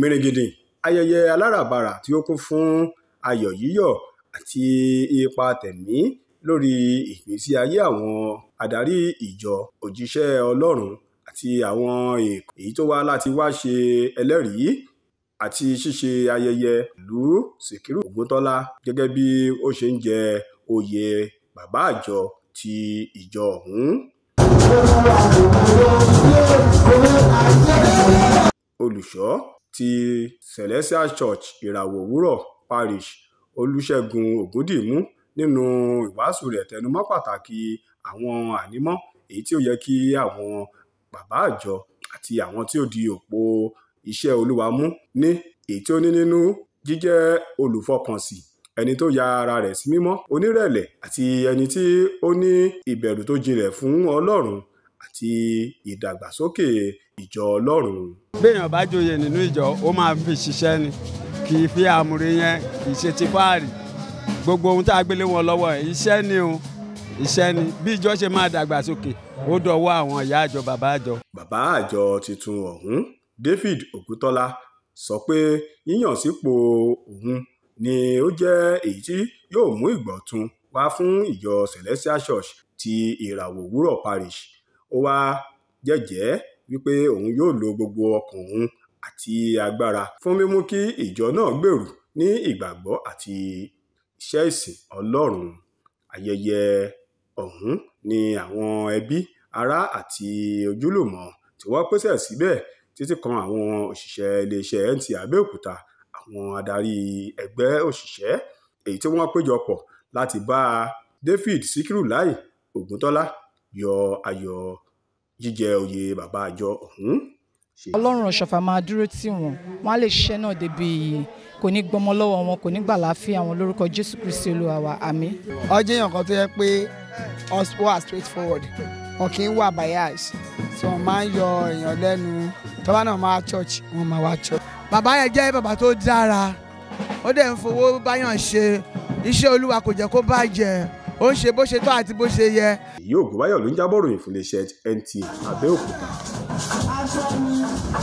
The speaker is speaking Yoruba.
mèrègèdè ayẹyẹ aláràbarà tí ó kún fún ayọ̀ yíyọ̀ àti ipa tẹ̀mí lórí ìgbésí ayé àwọn adarí ìjọ òjíṣẹ́ ọlọ́run àti àwọn èkó èyí tó wá láti wá ṣe ẹlẹ́rìí àti ṣíṣe ayẹyẹ ìlú Síkírù Ògúntọ́lá gẹ́gẹ́ bí ó ṣe ń jẹ oyè bàbá àjọ ti ìjọ ọ̀hún. olùṣọ́ ti celestial church ìràwọ̀ òwúrọ̀ parish olùṣègùn ògúndìmù nínú ìwàásù rẹ̀ tẹnumọ́ pàtàkì àwọn ànímọ́ èyí tí ó yẹ kí àwọn bàbá àjọ àti àwọn tí ó di òpó iṣẹ́ olúwa mú ní èyí tí ó ní nínú jíjẹ́ olùfọkànsìn ẹni tó ya ara rẹ̀ sí mímọ́ onírẹ̀lẹ̀ àti ẹni tí ó ní ìbẹ̀rù tó jinlẹ̀ fún ọlọ́run àti ìdàgbàsókè ìjọ Ọlọ́run. béèyàn bá joyè nínú ìjọ ó máa fi ṣiṣẹ́ ni kì í fi àmúre yẹn kì í ṣe ti fáàrí gbogbo ohun tá a gbélé wọn lọ́wọ́ ẹ̀ iṣẹ́ ni o iṣẹ́ ni bí ìjọ ṣe máa dàgbàsókè ó dọwọ́ àwọn ìyá àjọ bàbá àjọ. bàbá àjọ tuntun ọ̀hún David Ògútọ́lá sọ pé yíyàn sípò òun ni ó jẹ́ èyí tí yóò mú ìgbọ̀tun wá fún ìjọ Celestial Church ti ìràwọ̀ òwúrọ̀ parish ó wàá jẹ́jẹ̀ẹ́ wípé òun yóò lo gbogbo ọkàn òun àti agbára fún mímú kí ìjọ náà gbèrú ní ìgbàgbọ́ àti iṣẹ́ ìsìn ọlọ́run ayẹyẹ ọ̀hún ni àwọn ẹbí ará àti ojúlùmọ̀ tí wọ́n pèsè síbẹ̀ títí kan àwọn òṣìṣẹ́ iléeṣẹ́ NTA Abẹ́òkúta àwọn adarí ẹgbẹ́ òṣìṣẹ́ èyí tí wọ́n péjọpọ̀ láti bá David Sikiru Lai Ògúntọ́lá yọ ayọ̀ jíjẹ oyè bàbá àjọ ọ̀hún. ọlọ́run ọ̀ṣọ́fà máa dúró tì wọ́n wọ́n á lè ṣiṣẹ́ náà débi iye kò ní gbọmọ lọ́wọ́ wọn kò ní gbà láàfin àwọn lórúkọ jésù kristi olúwa wa àmín. ọjọ́ èèyàn kan tó yẹ pé wọ́n are straight forward wọn kì í wà bias tí wọ́n máa ń yọ èèyàn lẹ́nu tọ́ba náà máa church wọ́n máa wá church. bàbá yẹn jẹ́ bàbá tó dára ó dẹ̀ ń fowó báyọ̀ ṣe iṣẹ́ olúwa kò jẹ́ kó bàjẹ́ ó ń ṣe bó ṣe tó àti bó ṣe yẹ. èyí ògùnbáyọ̀ ló ń jábọ̀ ròyìn fún iléeṣẹ́ NTA Abẹ́òkúta.